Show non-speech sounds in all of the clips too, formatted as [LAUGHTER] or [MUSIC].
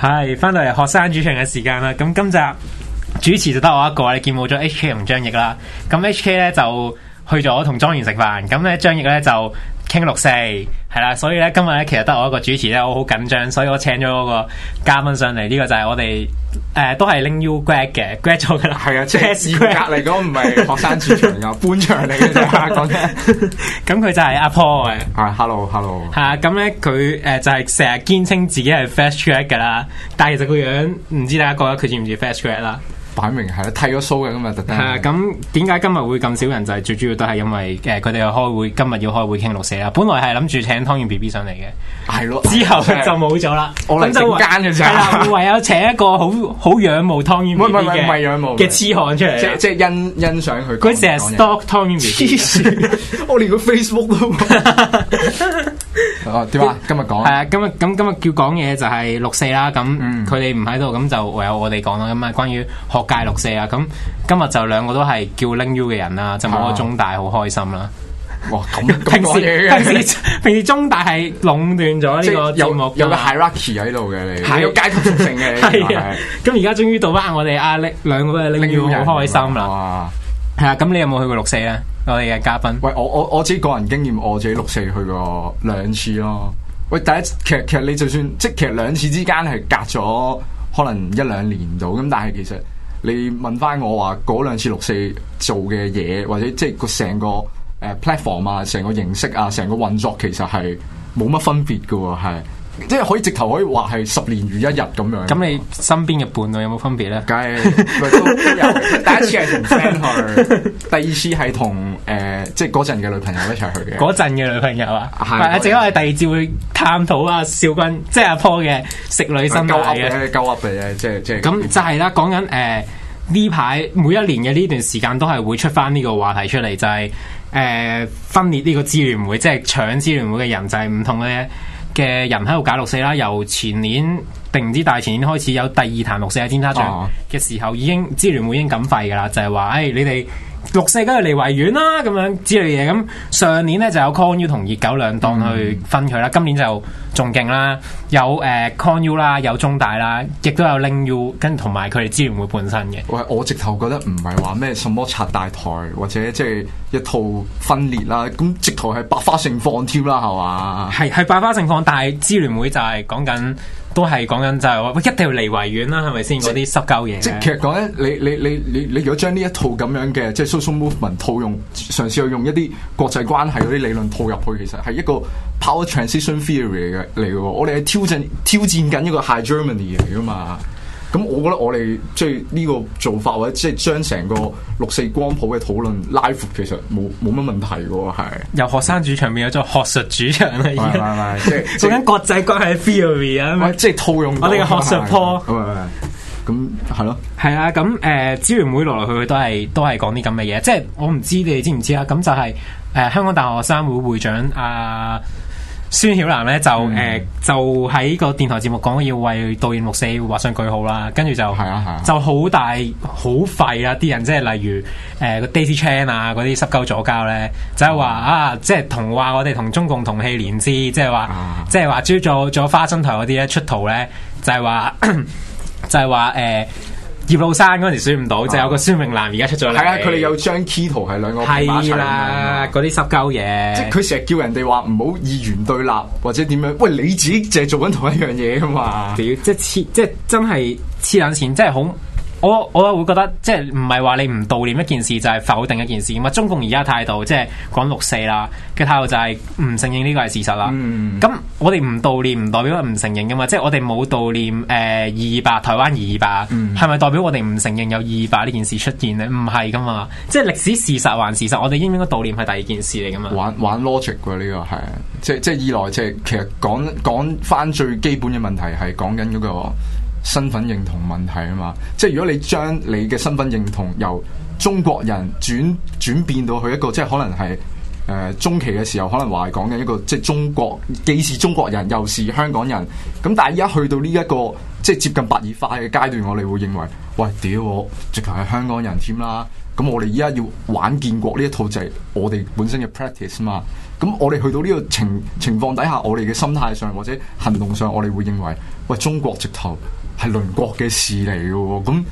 係，翻到嚟學生主場嘅時間啦。咁今集主持就得我一個，你見冇咗 HK 同張毅啦。咁 HK 咧就。去咗同莊園食飯，咁咧張毅咧就傾六四，係啦，所以咧今日咧其實得我一個主持咧，我好緊張，所以我請咗嗰個嘉賓上嚟，呢、呢個就係我哋誒、呃、都係拎 U Grad 嘅 Grad 咗噶啦，係啊，Fresh g 唔係學生主場噶，半場嚟嘅啫，講真 [LAUGHS] [LAUGHS] 咁佢、ah, hello ,啊呃、就係阿 Paul 嘅，啊，Hello，Hello，嚇，咁咧佢誒就係成日堅稱自己係 fast track 噶啦，但係其實個樣唔知大家覺得佢似唔似 fast track 啦。擺明係咯，剃咗 show 嘅咁啊，特登係啊，咁點解今日會咁少人？就係最主要都係因為誒，佢哋又開會，今日要開會傾六四啦。本來係諗住請湯圓 BB 上嚟嘅，係咯，之後就冇咗啦。咁就間嘅啫，係啦，唯有請一個好好仰慕湯圓 BB 嘅嘅痴漢出嚟，即即欣欣賞佢。佢成日 stalk 湯圓 BB，我連個 Facebook 都。冇。哦，點啊？今日講係啊，今日咁今日叫講嘢就係六四啦，咁佢哋唔喺度，咁就唯有我哋講啦。咁啊，關於學界六四啊，咁今日就兩個都係叫 Ling 拎 U 嘅人啦，就冇個中大好開心啦。哇，咁平時平時平時中大係壟斷咗呢個節目，有個 Hierarchy 喺度嘅，你係有階級性承嘅。係啊，咁而家終於到返我哋阿樂兩個拎 U 好開心啦。係啊，咁你有冇去過六四啊？我哋嘅嘉賓，喂，我我我自己個人經驗，我自己六四去過兩次咯。喂，第一，其實其實你就算即係其實兩次之間係隔咗可能一兩年度，咁但係其實你問翻我話嗰兩次六四做嘅嘢，或者即係個成個誒 platform 啊、成個形式啊，成個運作其實係冇乜分別㗎喎，係。即係可以直頭可以話係十年如一日咁樣。咁你身邊嘅伴侶有冇分別咧？梗係，有 [LAUGHS] 第一次係同 friend 去，第二次係同誒，即係嗰陣嘅女朋友一齊去嘅。嗰陣嘅女朋友啊，係啊，正因為第二次會探討啊，少君，即係阿 Paul 嘅食女心態嘅。勾 Up 嚟嘅，嚟嘅，即係即係。咁就係啦，講緊誒呢排每一年嘅呢段時間都係會出翻呢個話題出嚟，就係、是、誒、呃、分裂呢個支聯會，即係搶支聯會嘅人就係唔同嘅。嘅人喺度搞六四啦，由前年定唔知大前年開始有第二壇六四喺尖沙咀嘅時候，oh. 已經支聯會已經咁廢噶啦，就係、是、話：誒、哎、你哋。六四梗係嚟維園啦，咁樣之類嘢咁。上年咧就有 con u 同熱狗兩檔去分佢啦，嗯、今年就仲勁啦，有誒、呃、con u 啦，有中大啦，亦都有 link u 跟住，同埋佢哋支聯會本身嘅。喂，我直頭覺得唔係話咩什麼拆大台或者即係一套分裂啦，咁直頭係百花盛放添啦，係嘛？係係百花盛放，但係支聯會就係講緊。都係講緊就係我一定要離維園啦，係咪先嗰啲濕膠嘢？即係其實講緊，你你你你你如果將呢一套咁樣嘅即係 social movement 套用，嘗試去用一啲國際關係嗰啲理論套入去，其實係一個 power transition theory 嚟嘅嚟嘅，我哋係挑戰挑戰緊一個 hegemony 嚟嘅嘛！咁我覺得我哋即係呢個做法或者即係將成個六四光譜嘅討論拉闊，live, 其實冇冇乜問題嘅喎，係由學生主場變咗做學術主場啦，係咪？即係做緊國際關係 theory 啊，即係套用我哋嘅學術波。咁係咯，係啊，咁誒，支聯會來來去去都係都係講啲咁嘅嘢，即係我唔知你哋知唔知啊。咁、嗯、就係、是、誒、就是呃、香港大學生會會長阿。啊孫曉蘭咧，就誒、嗯、呃、就喺個電台節目講要為導演六四畫上句號啦，跟住就、啊啊、就好大好廢啦！啲人即係例如誒個、呃、Daisy Chan 啊嗰啲濕鳩左膠咧，呢、嗯、就係話啊即係同話我哋同中共同氣連枝，即係話、啊、即係話，主要做做花生台嗰啲咧出圖咧就係、是、話 [COUGHS] 就係話誒。呃葉老生嗰時選唔到，就有個孫明南而家出咗嚟。係啊，佢哋有張 key 圖係兩個。係啦、啊，嗰啲濕鳩嘢。即係佢成日叫人哋話唔好二元對立或者點樣，喂你自己淨係做緊同一樣嘢噶嘛？屌，即係黐，即係真係黐撚線，真係好。我我會覺得即係唔係話你唔悼念一件事就係否定一件事嘛？中共而家態度即係講六四啦嘅態度就係唔承認呢個係事實啦。咁、嗯、我哋唔悼念唔代表佢唔承認噶嘛？即係我哋冇悼念誒、呃、二二八台灣二二八，係咪、嗯、代表我哋唔承認有二二八呢件事出現呢？唔係噶嘛？即係歷史事實還事實，我哋應唔應該悼念係第二件事嚟噶嘛？玩玩 logic 喎、呢個，呢個係即即係二來即係其實講講返最基本嘅問題係講緊嗰、嗰個身份認同問題啊嘛，即係如果你將你嘅身份認同由中國人轉轉變到去一個即係可能係誒、呃、中期嘅時候，可能話係講嘅一個即係中國既是中國人又是香港人，咁但係依家去到呢、這、一個即係接近白熱化嘅階段，我哋會認為喂，屌，我直頭係香港人添啦，咁我哋依家要玩建國呢一套就係我哋本身嘅 practice 嘛，咁我哋去到呢個情情況底下，我哋嘅心態上或者行動上，我哋會認為喂，中國直頭。係鄰國嘅事嚟嘅喎，咁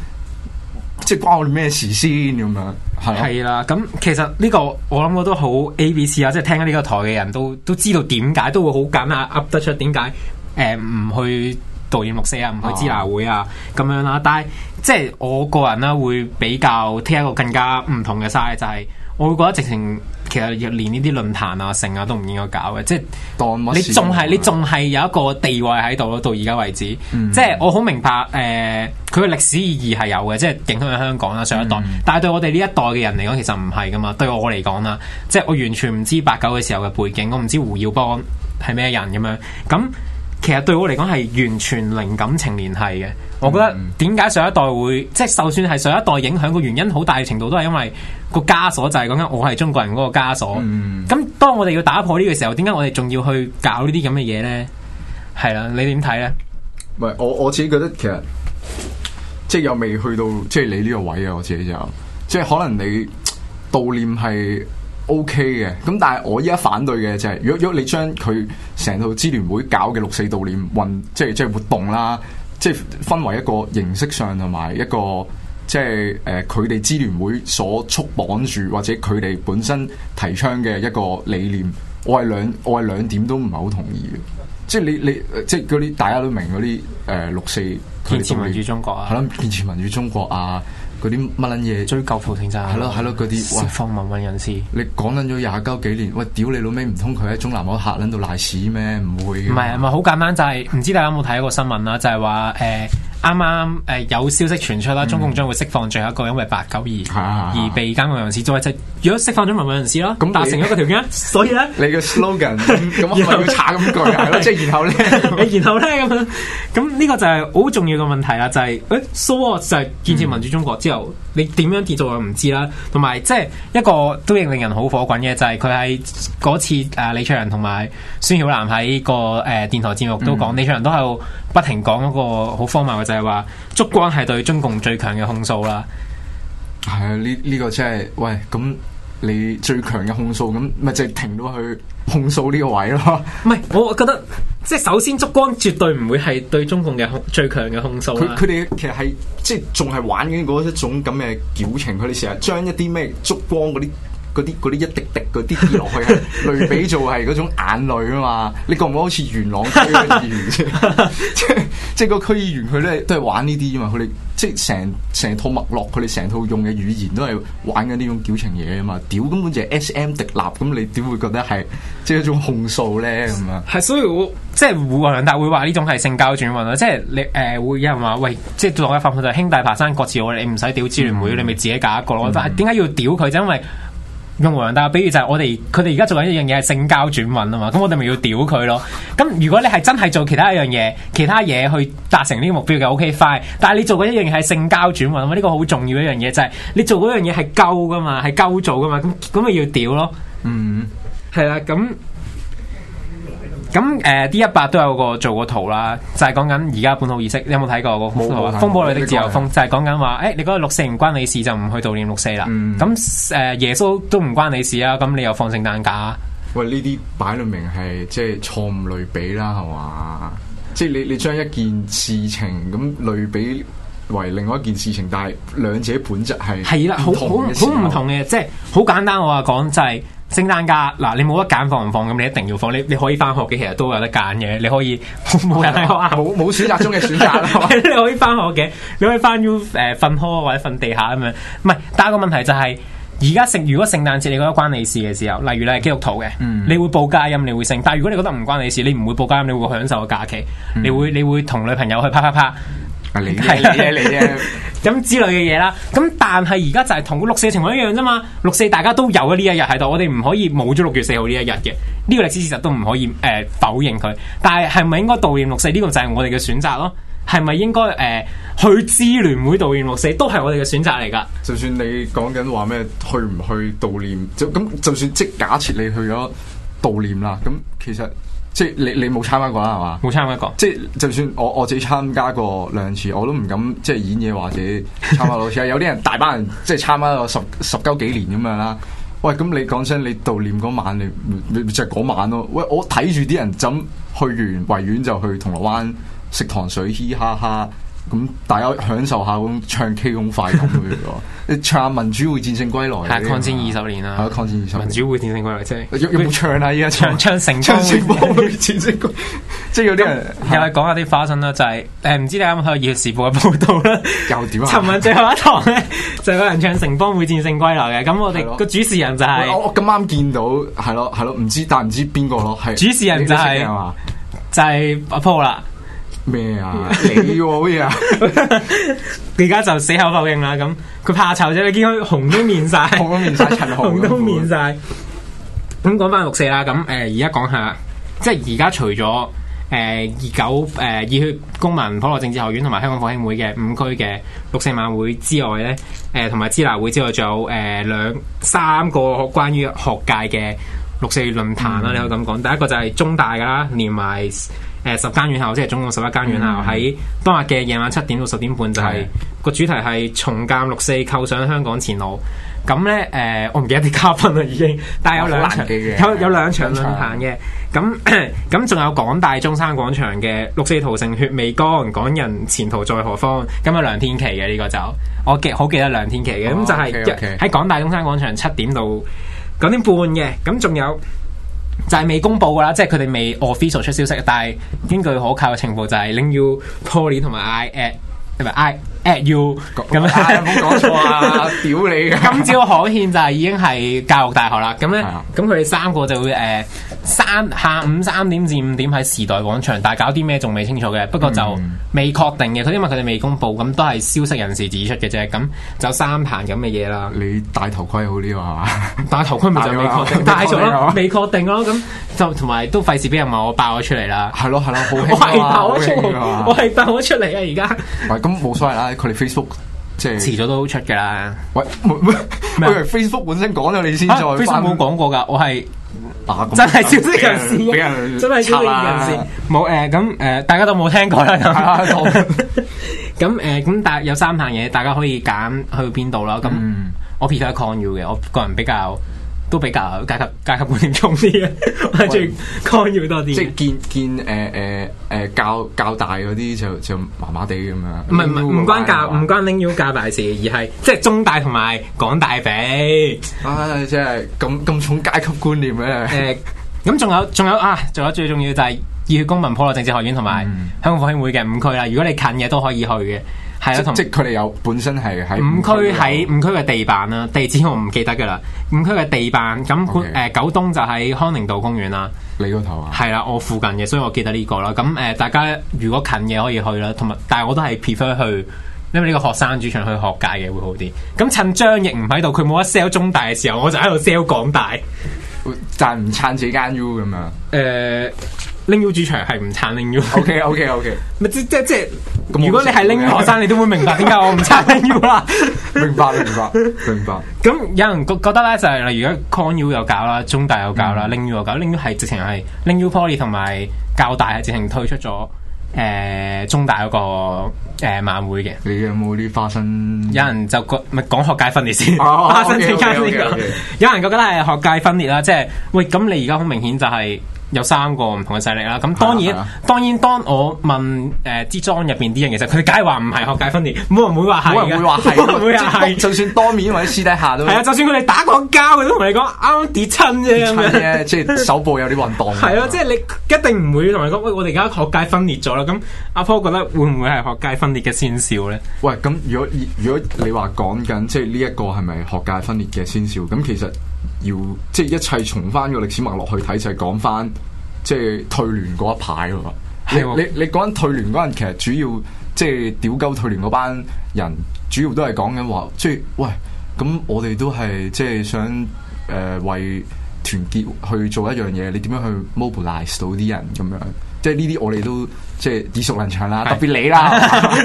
即係關我哋咩事先咁樣？係係啦，咁其實呢個我諗我都好 A B C 啊，即係聽緊呢個台嘅人都都知道點解，都會好簡單噏得出點解誒唔去悼念六四啊，唔去支那會啊咁樣啦。但係即係我個人咧，會比較聽一個更加唔同嘅 size，就係、是。我會覺得直情其實連呢啲論壇啊、成啊都唔應該搞嘅，即係你仲係你仲係有一個地位喺度咯。到而家為止，嗯、即係我好明白誒，佢嘅歷史意義係有嘅，即係影響喺香港啦上一代。嗯、但係對我哋呢一代嘅人嚟講，其實唔係噶嘛。對我嚟講啦，即係我完全唔知八九嘅時候嘅背景，我唔知胡耀邦係咩人咁樣咁。其實對我嚟講係完全零感情聯繫嘅。嗯、我覺得點解上一代會即係，就算係上一代影響個原因，好大程度都係因為個枷鎖就係講緊我係中國人嗰個枷鎖。咁、嗯、當我哋要打破呢個時候，點解我哋仲要去搞呢啲咁嘅嘢呢？係啦，你點睇呢？唔係我我自己覺得，其實即係又未去到即係你呢個位啊！我自己就即係可能你悼念係。O K 嘅，咁、okay、但係我依家反對嘅就係、是，如果如果你將佢成套支聯會搞嘅六四悼念運，運即係即係活動啦，即係分為一個形式上同埋一個即係誒佢哋支聯會所束綁住或者佢哋本身提倡嘅一個理念，我係兩我係兩點都唔係好同意嘅，即係你你即係嗰啲大家都明嗰啲誒六四建設民主中國啊，係咯、嗯，建設民主中國啊。嗰啲乜撚嘢追究法庭責任係咯，係咯，嗰啲釋放民運人士。你講緊咗廿九幾年，喂，屌你老尾，唔通佢喺中南海客撚到瀨屎咩？唔會，唔係唔係，好簡單就係、是，唔知大家有冇睇一個新聞啦？就係話誒，啱啱誒有消息傳出啦，嗯、中共將會釋放最後一個因為八九二而被監獄人士追蹤。就是如果釋放咗民運人士咯，咁你達成一個條件，所以咧，你嘅 slogan 咁咪要拆咁句，即係 [LAUGHS] [LAUGHS] 然後咧， [LAUGHS] 然後咧咁樣，咁呢個就係好重要嘅問題啦。就係、是、誒，蘇、欸、俄、so、就建設民主中國之後，嗯、你點樣跌造我唔知啦。同埋即係一個都仍令人好火滾嘅就係佢喺嗰次啊李卓人同埋孫曉嵐喺個誒、呃、電台節目都講，嗯、李卓人都係不停講嗰個好荒謬嘅就係話燭光係對中共最強嘅控訴啦。係啊，呢呢個真係喂咁。你最強嘅控訴咁，咪就係停到去控訴呢個位咯？唔係，我覺得即係首先，燭光絕對唔會係對中共嘅控最強嘅控訴啦。佢佢哋其實係即係仲係玩緊嗰一種咁嘅矯情，佢哋成日將一啲咩燭光嗰啲。嗰啲啲一滴滴嗰啲落去，類比做係嗰種眼淚啊嘛？你覺唔覺好似元朗區嘅 [LAUGHS] [LAUGHS] 議員？即即個區議員佢咧都係玩呢啲，因嘛。佢哋即成成套脈絡，佢哋成套用嘅語言都係玩緊呢種矯情嘢啊嘛！屌，根本就係 S M 迪立咁，你點會覺得係即一種控訴咧咁啊？係，所以我即會兩大會話呢種係性交轉運咯，即、就是、你誒、呃、會有人話喂，即做嘅範範就，是、就兄弟爬山各自我哋，唔使屌資源會，你咪、嗯、自己搞一個咯。但係點解要屌佢就因為？用但比如就係我哋佢哋而家做緊一樣嘢係性交轉運啊嘛，咁我哋咪要屌佢咯。咁如果你係真係做其他一樣嘢，其他嘢去達成呢個目標嘅 O K fine。但係你做緊一樣嘢係性交轉運啊嘛，呢個好重要一樣嘢就係你做嗰樣嘢係鳩噶嘛，係鳩做噶嘛，咁咁咪要屌咯。嗯，係啦，咁。咁誒，D100 都有個做過圖啦，就係講緊而家本土意識。你有冇睇過個有風波裡的自由風？就係講緊話，誒、哎，你嗰個六四唔關你事，就唔去悼念六四啦。咁誒、嗯呃，耶穌都唔關你事啊，咁你又放聖誕假。喂，呢啲擺明係即係錯誤類比啦，係嘛？即、就、係、是、你你將一件事情咁類比為另外一件事情，但係兩者本質係係啦，好好唔同嘅，即係好簡單我話講就係、是。聖誕假嗱，你冇得揀放唔放咁，你一定要放。你你可以翻學嘅，其實都有得揀嘅。你可以冇人學啊，冇冇選擇中嘅選擇啊，你可以翻學嘅，你可以翻 U 誒瞓鋪或者瞓地下咁樣。唔係，但係個問題就係而家聖如果聖誕節你覺得關你事嘅時候，例如你係基督徒嘅，嗯、你會報佳音，你會升。但係如果你覺得唔關你事，你唔會報佳音，你會享受個假期，你會、嗯、你會同女朋友去啪啪啪。係嘅，嘅咁之類嘅嘢啦，咁但係而家就係同六四情況一樣啫嘛，六四大家都有呢一日喺度，我哋唔可以冇咗六月四號呢一日嘅呢個歷史事實都唔可以誒、呃、否認佢，但係係咪應該悼念六四呢，呢個就係我哋嘅選擇咯，係咪應該誒、呃、去支聯會悼念六四都係我哋嘅選擇嚟噶？就算你講緊話咩去唔去悼念，就咁就算即假設你去咗悼念啦，咁其實。即係你你冇參加過啦係嘛？冇參加過，即係就算我我自己參加過兩次，我都唔敢即係演嘢或者參加咯，其實有啲人大班人即係參加咗十十九幾年咁樣啦。喂，咁你講聲你悼念嗰晚，你你就係即係嗰晚咯。喂，我睇住啲人咁去完維園就去銅鑼灣食糖水，嘻嘻哈哈。咁大家享受下咁唱 K 咁快感 [LAUGHS] 你唱下《民主會戰勝歸來》係《抗戰二十年》啦，啊，抗戰二十民主會戰勝歸來，即係有冇唱啊！依家唱唱《唱城邦會戰勝歸來》 [LAUGHS] 即。即係有啲人又係講下啲花生啦，就係、是、誒，唔知你啱啱睇《二月時報》嘅報道咧，又點啊？尋晚最後一堂咧，就有人唱《城邦會戰勝歸來》嘅，咁我哋個主持人就係、是、我咁啱見到，係咯係咯，唔知但係唔知邊個咯，係主持人就係、是、就係、是就是、阿 Paul 啦。咩啊？死要我嘢啊？而家就死口否認啦，咁佢怕醜啫，你見佢紅都面晒， [LAUGHS] 紅都面晒陳陳紅， [LAUGHS] 都面晒。咁講翻六四啦，咁誒而家講下，即係而家除咗誒二九誒熱血公民、普羅政治學院同埋香港復興會嘅五區嘅六四晚會之外咧，誒同埋支聯會之外，仲有誒兩三個關於學界嘅六四論壇啦，你可以咁講。嗯、第一個就係中大噶啦，連埋。呃、十間院校即係總共十一間院校喺、嗯、當日嘅夜晚七點到十點半、就是，就係個主題係重鑒六四扣上香港前路。咁呢，誒、呃，我唔記得啲嘉賓啦，已經，但係有兩場，有有兩場論壇嘅。咁咁仲有港大中山廣場嘅六四屠城血未乾，港人前途在何方？咁啊梁天琦嘅呢個就我記好記得梁天琦嘅，咁、哦、就係、是、喺 okay, okay. 港大中山廣場七點到九點半嘅。咁仲有。就係未公佈㗎啦，即係佢哋未 official 出消息，但係根據可靠嘅情報就係 LingU Poly 同埋 Iat 同埋 I。at you 咁，啊，冇講錯啊，屌你！今朝可憲就係已經係教育大學啦，咁咧，咁佢哋三個就會誒，三下午三點至五點喺時代廣場，但係搞啲咩仲未清楚嘅，不過就未確定嘅。佢，因為佢哋未公布，咁都係消息人士指出嘅啫。咁就三行咁嘅嘢啦。你戴頭盔好呢個？係嘛？戴頭盔咪就未確定，戴咗未確定咯。咁就同埋都費事畀人話我爆咗出嚟啦。係咯，係咯，好氣啊！我係爆咗出嚟，我係爆咗出嚟啊！而家唔係咁冇所謂啦。佢哋 Facebook 即、就、係、是、遲早都出嘅啦。喂，咩 [LAUGHS] ？Facebook 本身講咗你先再。Facebook 冇講過噶，我係真係消息人士啊！真係專業人士。冇誒，咁誒，大家都冇聽過啦。咁誒，咁誒，有三樣嘢大家可以揀去邊度啦。咁是 doors、嗯、我 prefer 抗藥嘅，我個人比較。都比較階級階級觀念重啲嘅，或者 control 多啲。即係見見誒誒誒教教大嗰啲就就麻麻地咁樣。唔係唔唔關教唔話關 l i 教大事，而係即係中大同埋港大比。唉、啊，真係咁咁重階級觀念咧。誒，咁仲有仲有啊，仲、欸有，有，啊、有最重要就係熱血公民普羅政治學院同埋香港復興會嘅五區啦。如果你近嘅都可以去嘅。係啦，同對即係佢哋有本身係喺五區喺五區嘅地板啦，嗯、地址我唔記得噶啦。五區嘅地板咁，誒 Okay.、呃、九東就喺康寧道公園啦。你嗰頭啊？係啦，我附近嘅，所以我記得呢、這個啦。咁誒、呃，大家如果近嘅可以去啦，同埋，但係我都係 prefer 去，因為呢個學生主場去學界嘅會好啲。咁趁張亦唔喺度，佢冇得 sell 中大嘅時候，我就喺度 sell 廣大，賺唔撐住間 U 咁啊？誒。 [LAUGHS] 呃拎 U 主場係唔撐拎 U，OK OK OK，咪即即即，如果你係拎 U 學生，你都會明白點解我唔撐拎 U 啦。明白，明白，明白。咁有人覺覺得咧，就係例如而家港 U 又搞啦，中大又搞啦，拎 U 又搞，拎 U 係直情係拎 U Poly 同埋教大係直情退出咗誒中大嗰個晚會嘅。你有冇啲花生？有人就講咪講學界分裂先，花生嘅有人覺得係學界分裂啦，即係喂咁你而家好明顯就係。有三個唔同嘅勢力啦，咁當然，、啊啊、當然當然，當我問誒啲莊入邊啲人，其實佢哋梗係話唔係學界分裂，冇人會話係嘅。冇人會話係，就算當面或者私底下都係啊。就算佢哋打過交，佢都同你講啱跌親啫。跌親啫，即係手部有啲運動。係 [LAUGHS] 啊，樣即係你一定唔會同人講喂，我哋而家學界分裂咗啦。咁阿 Paul 覺得會唔會係學界分裂嘅先兆咧？喂，咁如果如果你話講緊即係呢一個係咪學界分裂嘅先兆咁，其實？要即係一切從翻個歷史脈絡去睇，就係講翻即係退聯嗰一排咯。係 [NOISE] 你你講緊退聯嗰陣，其實主要即係屌鳩退聯嗰班人，主要都係講緊話，即係喂咁我哋都係即係想誒、呃、為團結去做一樣嘢，你點樣去 mobilize 到啲人咁樣？即係呢啲我哋都即係耳熟能詳啦，是特別你啦，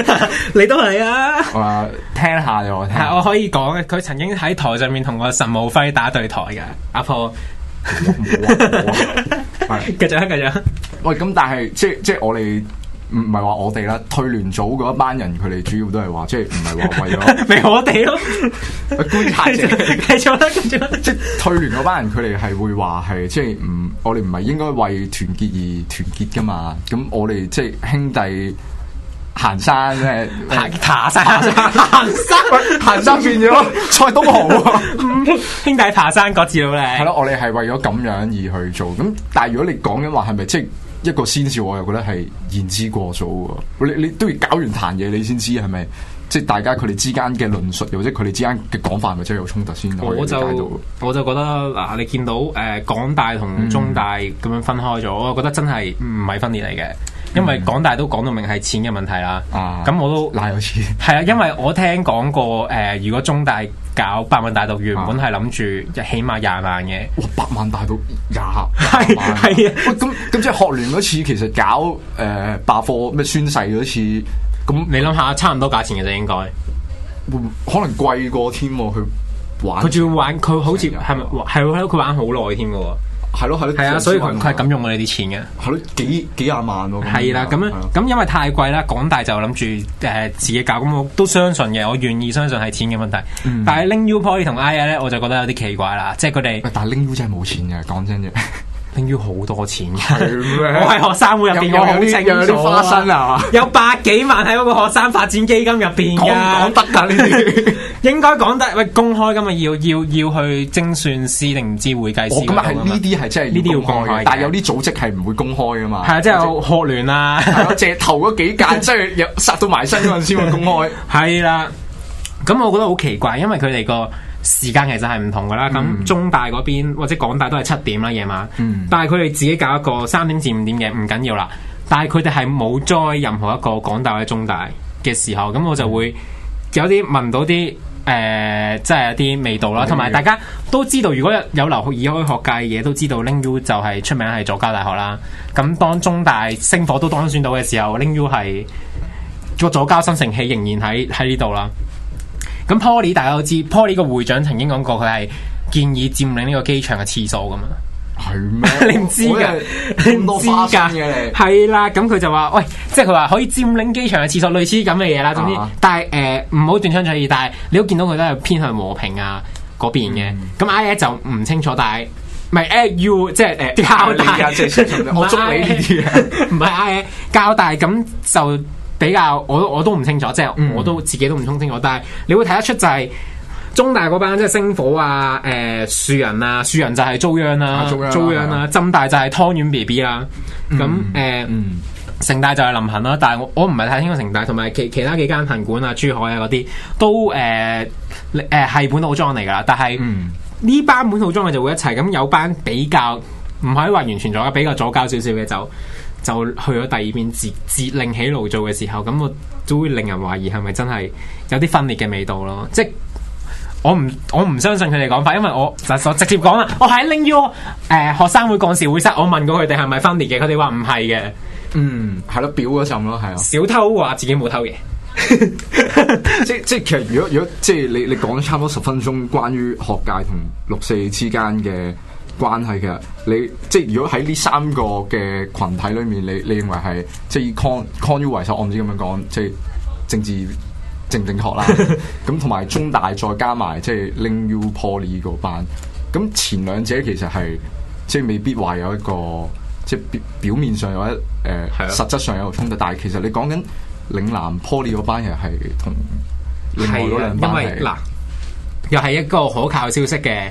你都係啊！啊，聽下又我聽，下。我可以講嘅，佢曾經喺台上面同個陳武輝打對台嘅，阿婆，繼續啦，繼續啦。喂、啊，咁、哎 [LAUGHS] 嗯、但係即係即係我哋。唔唔係話我哋啦，退聯組嗰一班人，佢哋主要都係話，即係唔係話為咗，咪我哋咯？觀察者繼 [LAUGHS] 續啦，繼續即係 [LAUGHS] 退聯嗰班人，佢哋係會話係，即係唔，我哋唔係應該為團結而團結噶嘛？咁我哋即係兄弟行山咧， [LAUGHS] 爬山、行山、行 [LAUGHS] 山，行山， [LAUGHS] 山變咗蔡東豪， [LAUGHS] 兄弟爬山各自努力。係咯，我哋係為咗咁樣而去做。咁但係如果你講緊話，係咪即係？就是一個先兆，我又覺得係言之過早喎。你你都要搞完壇嘢，你先知係咪？即係大家佢哋之間嘅論述，又或者佢哋之間嘅講法，係咪真係有衝突先。我就我就覺得嗱、啊，你見到誒港、呃、大同中大咁樣分開咗，嗯、我覺得真係唔係分裂嚟嘅。因為港大都講到明係錢嘅問題啦，咁、啊、我都懶有錢。係啊，因為我聽講過誒、呃，如果中大搞百萬大道，原本係諗住一起碼廿萬嘅。哇、啊！百萬大道廿是萬，係啊！喂，咁咁即係學聯嗰次其實搞誒罷課咩宣誓嗰次，咁你諗下，差唔多價錢嘅啫，應該可能貴過添、啊，佢玩佢仲要玩，佢好似係咪係喎？佢嗎玩好耐添嘅喎。係咯，係咯，係啊！所以佢係咁用我哋啲錢嘅，係咯幾幾廿萬喎。係啦那，咁樣咁因為太貴啦，港大就諗住誒自己搞，咁我都相信嘅，我願意相信係錢嘅問題。嗯、但係 Ling U Poly 同 I A 咧，我就覺得有啲奇怪啦，即係佢哋。但係 Ling U 真係冇錢嘅，講真啫。等於好多錢嘅，我係學生會入邊嘅，好清楚。有啲有啲花生啊，有百幾萬喺嗰個學生發展基金入邊。講唔講得噶，呢啲應該講得喂，公開噶嘛，要要要去精算師定唔知會計師。哦，咁啊係呢啲係真係呢啲要公開，但係有啲組織係唔會公開噶嘛。係啊，即係學聯啊，借頭咗幾屆，即係入殺到埋身嗰陣先會公開。係啦，咁我覺得好奇怪，因為佢哋個。時間其實係唔同嘅啦，咁、嗯、中大嗰邊或者港大都係七點啦夜晚，嗯、但係佢哋自己搞一個三點至五點嘅唔緊要啦。但係佢哋係冇再任何一個港大或者中大嘅時候，咁我就會有啲聞到啲誒，即、呃、係、就是、一啲味道啦。同埋、嗯、大家都知道，如果有留學而開學界嘅嘢都知道，Ling U 就係出名係左膠大學啦。咁當中大星火都當選到嘅時候，Ling U 係個左膠生成器仍然喺喺呢度啦。咁 Poly 大家都知，Poly 個會長曾經講過佢係建議佔領呢個機場嘅廁所噶嘛？係咩？你唔知噶？咁多花生嘢嚟？係 [NOISE] 啦樂，咁佢就話喂，即係佢話可以佔領機場嘅廁所，類似啲咁嘅嘢啦。總之，但係誒唔好斷章取義，但係你都見到佢都係偏向和平啊嗰邊嘅。咁、嗯、IA 就唔清楚，但係唔係 a u 即係誒教大啊，我祝你唔係 IA 教大咁就。比較我我都唔清楚，即係我都自己都唔充清楚。但係你會睇得出就係中大嗰班即係星火啊、誒樹仁啊、樹仁就係遭殃啦，遭殃啦，浸大就係湯圓 B B 啦。咁誒，城大就係林恆啦。但係我我唔係太清楚城大，同埋其其他幾間恆管啊、珠海啊嗰啲都誒誒係本土莊嚟噶。但係呢班本土莊我就會一齊。咁有班比較唔可以話完全咗比較早交少少嘅就。就去咗第二邊，自自另起爐灶嘅時候，咁我都會令人懷疑係咪真係有啲分裂嘅味道咯。即係我唔我唔相信佢哋講法，因為我就直接講啦，哦、我喺拎 U 誒學生會幹事會室，我問過佢哋係咪分裂嘅，佢哋話唔係嘅。嗯，係咯，表嗰陣咯，係啊。小偷話自己冇偷嘢，。 [LAUGHS] [LAUGHS] 即即係其實如果如果即係你你講咗差唔多十分鐘關於學界同六四之間嘅。關係嘅，你即係如果喺呢三個嘅群體裏面，你你認為係即係以 con con u 為首，我唔知咁樣講，即係政治正唔正確啦。咁同埋中大再加埋即係 ling u poly 嗰班，咁前兩者其實係即係未必話有一個即係表面上有一誒、呃是啊、實質上有個衝突，但係其實你講緊嶺南 poly 嗰班人係同另外嗰兩班係。嗱、啊，又係一個可靠消息嘅。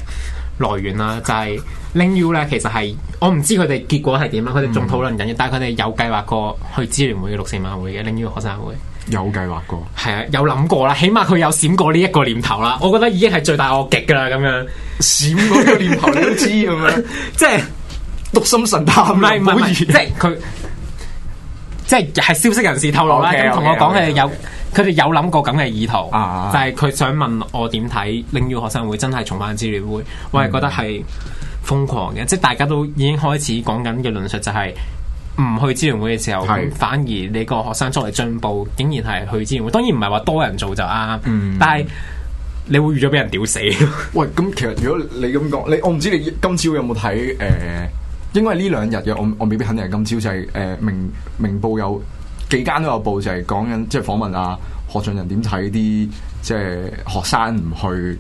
來源啦，就係 Ling U 咧，其實係我唔知佢哋結果係點啦，佢哋仲討論緊嘅，但係佢哋有計劃過去支聯會嘅六四晚會嘅 Ling U 學生會有計劃過，係啊有諗過啦，起碼佢有閃過呢一個念頭啦，我覺得已經係最大惡極噶啦咁樣，閃過個念頭你都知咁樣，即係讀心神探，唔係唔係，即係佢，即係係消息人士透露啦，咁同我講係有。佢哋有諗過咁嘅意圖，啊、但係佢想問我點睇？領要學生會真係重返支聯會，嗯、我係覺得係瘋狂嘅。即、就、係、是、大家都已經開始講緊嘅論述，就係唔去支聯會嘅時候，是反而你個學生作為進步，竟然係去支聯會。當然唔係話多人做就啱，嗯、但係你會預咗俾人屌死。喂，咁其實如果你咁講，你我唔知你今朝有冇睇？誒、呃，應該係呢兩日嘅，我我未必肯定係今朝就係、是、誒、呃、明明報有。幾間都有報，就係講緊即係訪問阿何俊仁點睇啲即係學生唔去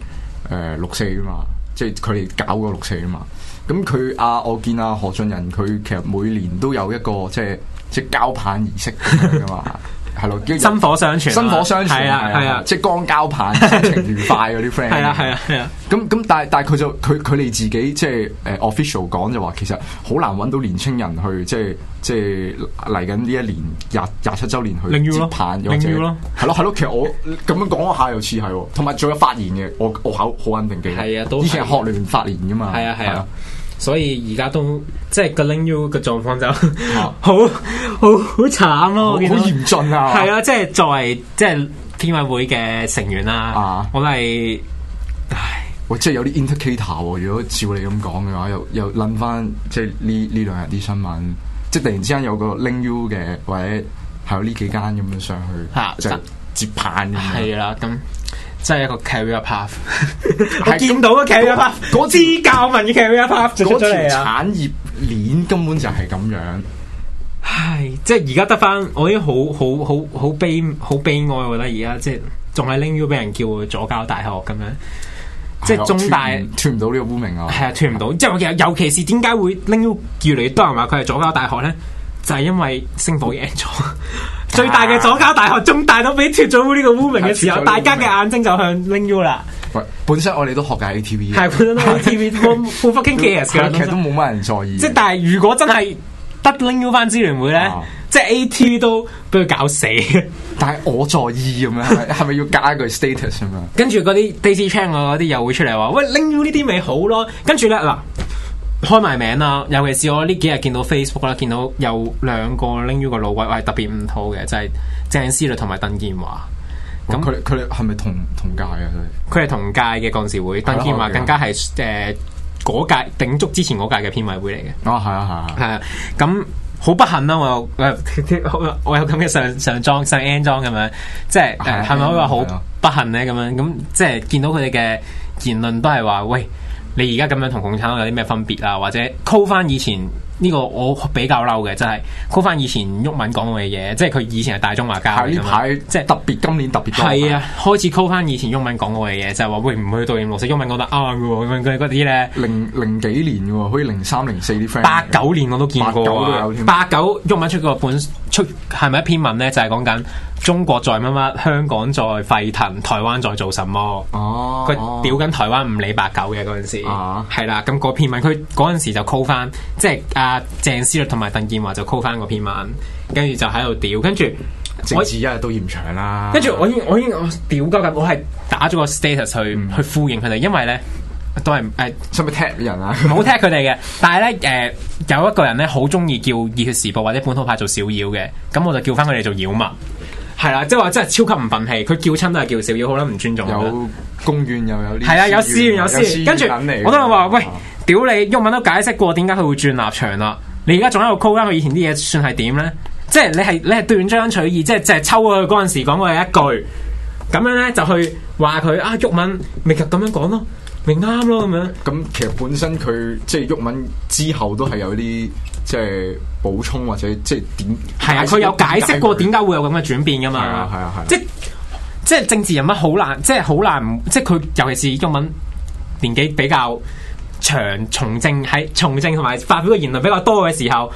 誒六四啊嘛，即係佢哋搞個六四啊嘛。咁佢啊，我見阿何俊仁，佢其實每年都有一個即係即係交棒儀式噶嘛。 [LAUGHS] 係咯，薪火相傳，薪火相傳，係啊，係啊，即係光交棒心情愉快嗰啲 friend。係啊，係啊，係啊。咁咁，但係但係佢就佢佢哋自己即係誒 official 講就話其實好難揾到年青人去即係即係嚟緊呢一年廿廿七周年去接棒，或者係咯係咯。其實我咁樣講一下又似係，同埋仲有發言嘅，我我口好肯定嘅，係啊，都以前學聯發言噶嘛，係啊係啊。所以而家都即係 Ling U 嘅狀況就是 like said, 啊、好好好慘咯，好嚴峻啊！係啊，即係、uh, 作為即係、就是、天民會嘅成員啦，uh, 我係，唉、oh，我即係有啲 interactor 喎。如果照你咁講嘅話，又又諗翻即係呢呢兩日啲新聞，即係突然之間有個 Ling U 嘅，或者係有呢幾間咁樣上去，即接棒咁即係一個 career path。 [LAUGHS] 我見到個 career path，嗰支、嗰個、教文嘅 career path 就出嚟啊！產業鏈根本就係咁樣，唉，即係而家得返，我已經好好好好悲好悲哀，我覺得而家即係仲係拎 U 俾人叫左教大學咁樣，即係、哎、呦中大脱唔到呢個污名啊！係啊，脱唔到。即係尤其尤其是點解會拎 U 越嚟越多人話佢係左教大學咧，就係、是、因為星火贏咗。 [LAUGHS] 最大嘅左膠大學中大都俾脱咗呢個污名嘅時候，大家嘅眼睛就向 Ling U 啦。喂本身我哋都學緊 ATV，係本身都 ATV，我 fucking cares 其實都冇乜人在意。即係但係如果真係得 Ling U 班支聯會咧，即係 ATV 都俾佢搞死。但係我在意咁樣，係咪要加一句 status 咁樣？跟住嗰啲 d a c h e c 嗰啲又會出嚟話，喂 Ling U 呢啲咪好咯？跟住咧嗱。開埋名啦，尤其是我呢幾日見到 Facebook 啦，見到有兩個拎住個老鬼，係特別唔好嘅，就係鄭思律同埋鄧建華。咁佢佢哋係咪同同屆啊？佢哋佢係同屆嘅幹事會，鄧建華更加係誒嗰屆頂足之前嗰屆嘅編委會嚟嘅。哦，係啊，係啊，係啊。咁好不幸啦，我我我有咁嘅上上裝上 end 裝咁樣，即係誒係咪可以話好不幸咧？咁樣咁即係見到佢哋嘅言論都係話喂。你而家咁樣同共產黨有啲咩分別啊？或者 call 翻以前呢、這個我比較嬲嘅，就係、是、call 翻以前毓民講過嘅嘢，即係佢以前係大中華膠嘅，呢排即係特別今年特別多。係啊，開始 call 翻以前毓民講過嘅嘢，就係話會唔會導演老師毓民講得啊嘅嗰啲咧，呢零零幾年嘅喎，好似零三零四啲八九年我都見過啊，八九毓民出過本出係咪一篇文咧，就係講緊。中國在乜乜，香港在沸騰，台灣在做什麼？哦，佢屌緊台灣唔理八九嘅嗰陣時，係啦、oh。咁嗰篇文，佢嗰陣時就 call 翻，即係阿、啊、鄭思律同埋鄧建華就 call 翻嗰篇文，跟住就喺度屌。跟住我自一日到嫌長啦。跟住我，我已經我已我屌鳩緊，我係打咗個 status 去、mm hmm. 去呼應佢哋，因為咧都係誒，想唔踢人啊？冇踢佢哋嘅。但係咧誒，有一個人咧好中意叫熱血時報或者本土派做小妖嘅，咁我就叫翻佢哋做妖物。係啦，即係話真係超級唔忿氣，佢叫親都係叫少，要好啦唔尊重有。有公怨又有，係啊有私怨有私，有私跟住着、嗯、我都係話喂，屌你！郁文都解釋過點解佢會轉立場啦，你而家仲喺度 call 翻、啊、佢以前啲嘢，算係點咧？即係你係你係斷章取義，即係淨係抽佢嗰陣時講過一句，咁樣咧就去話佢啊郁文咪咁樣講咯，咪啱咯咁樣。咁、嗯、其實本身佢即係郁文之後都係有啲。即係補充或者即係點係啊，佢有解釋過點解會有咁嘅轉變噶嘛？係啊係啊係、啊，即係即係政治人物好難，即係好難，即係佢尤其是中文年紀比較長，從政喺從政同埋發表嘅言論比較多嘅時候。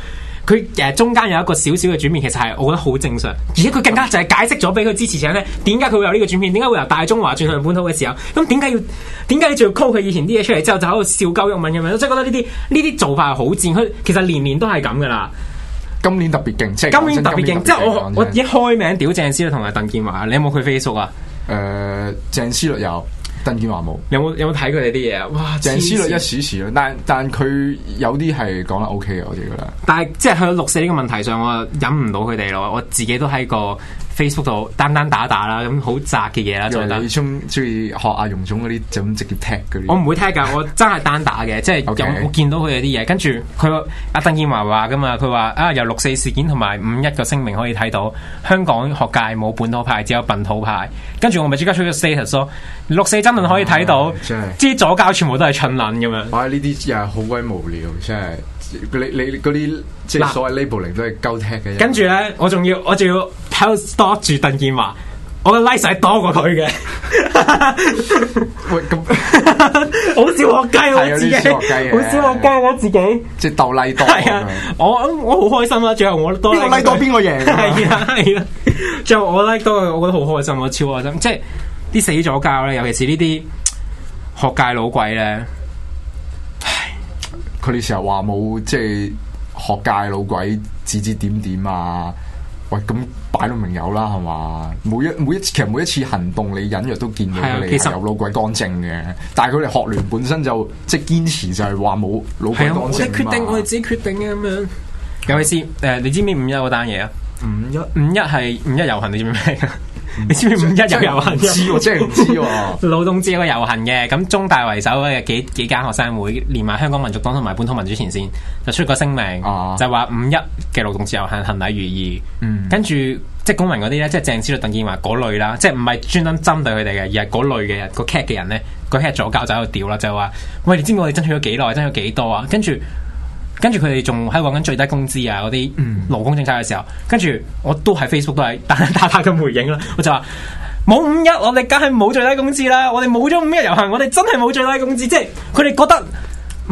佢誒、呃、中間有一個少少嘅轉變，其實係我覺得好正常，而且佢更加就係解釋咗俾佢支持者咧點解佢會有呢個轉變，點解會由大中華轉向本土嘅時候，咁點解要點解你仲要 call 佢以前啲嘢出嚟之後就喺度笑鳩肉敏咁樣，即係覺得呢啲呢啲做法係好賤，佢其實年年都係咁噶啦，今年特別勁，今年特別勁，即係、嗯、我、嗯、我一開名屌鄭思律同埋鄧建華，你有冇佢 Facebook 啊？誒，uh, 鄭思律有。鄧建華冇，有冇有冇睇佢哋啲嘢啊？哇，鄭思維一時時咯，但但佢有啲係講得 OK 嘅，我哋覺得。但係即係去到六四呢個問題上，我忍唔到佢哋咯，我自己都喺個。Facebook 度單單打打啦，咁好雜嘅嘢啦，再你中中意 [MUSIC] 學阿容總嗰啲就咁直接踢嗰啲。我唔會踢噶，我真係單打嘅， [LAUGHS] 即係有我見到佢有啲嘢，跟住佢阿鄧建華話噶嘛，佢話啊由六四事件同埋五一個聲明可以睇到香港學界冇本土派，只有笨土派。跟住我咪即刻出咗 status 咯、哦，六四真係可以睇到，即係啲左膠全部都係蠢撚咁樣。哇、啊！呢啲又係好鬼無聊，真係。你你嗰啲即係所謂 labeling 都係鳩踢嘅，跟住咧我仲要我仲要喺度 stop 住鄧建華，我 like 係多過佢嘅。喂，咁好少學雞我自己好少學雞我自己。即係鬥拉多，我我好開心啦。最後我邊個拉多邊個贏？係啊係啦，最後我拉多，我覺得好開心，我超開心。即係啲死咗交咧，尤其是呢啲學界老鬼咧。佢哋成日話冇即係學界老鬼指指點點啊，喂咁擺到明有啦係嘛，每一每一其實每一次行動你隱約都見到你有老鬼乾淨嘅，其實 但係佢哋學聯本身就即係堅持就係話冇老鬼乾淨啊嘛。你決定我哋自己決定嘅咁樣，有 [LAUGHS] 意思誒、呃，你知唔知五一嗰單嘢啊？五一五一係五一遊行，你知唔知咩？你知唔知五一有遊行？ [MUSIC] 知喎？真係唔知喎！勞動節有個遊行嘅，咁中大為首嘅幾幾間學生會，連埋香港民族黨同埋本土民主前線，就出個聲明，啊、就話五一嘅勞動自由行，行禮如儀。嗯、跟住即係公民嗰啲咧，即係鄭司律、鄧建華嗰類啦，即係唔係專登針對佢哋嘅，而係嗰類嘅人，個 cat 嘅人咧，個 cat 左交走度掉啦，就話喂，你知唔知我哋爭取咗幾耐，爭取幾多啊？跟住。跟住佢哋仲喺揾緊最低工資啊嗰啲勞工政策嘅時候，跟住我都係 Facebook 都係打打打咁回應啦，我就話冇五一，我哋梗係冇最低工資啦，我哋冇咗五一遊行，我哋真係冇最低工資，即係佢哋覺得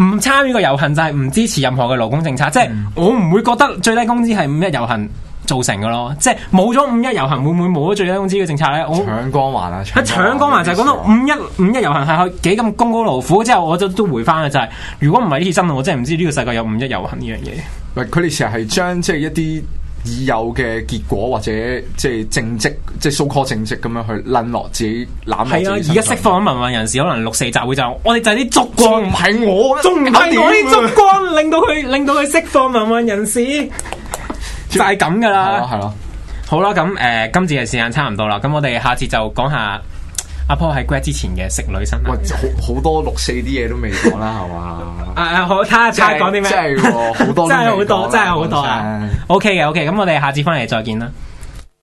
唔參與個遊行就係、是、唔支持任何嘅勞工政策，即係我唔會覺得最低工資係五一遊行。造成嘅咯，即係冇咗五一遊行，會唔會冇咗最低工資嘅政策咧？我搶光環啊！佢搶光環、啊、就講到五一、啊、五一遊行係幾咁功高勞苦之後，我就都回翻嘅就係、是，如果唔係呢次爭論，我真係唔知呢個世界有五一遊行呢樣嘢。唔佢哋成日係將即係一啲已有嘅結果或者即係正績，即係 so called 正績咁樣去拎落自己攬係啊！而家釋放咗文運人士，可能六四集會就我哋就係啲燭光唔係我，唔係我啲燭光 [LAUGHS] 令到佢令到佢釋放文運人士。就係咁噶啦，係咯，係咯，好啦，咁誒、呃，今次嘅時間差唔多啦，咁我哋下次就講下阿、啊、Paul 喺 Grad 之前嘅食女生好好喂的多六四啲嘢都未講啦，係嘛？啊 [LAUGHS] 生啊，好、okay，睇下猜講啲咩？真係好多，真係好多，真係好多啊！OK 嘅，OK，咁我哋下次翻嚟再見啦。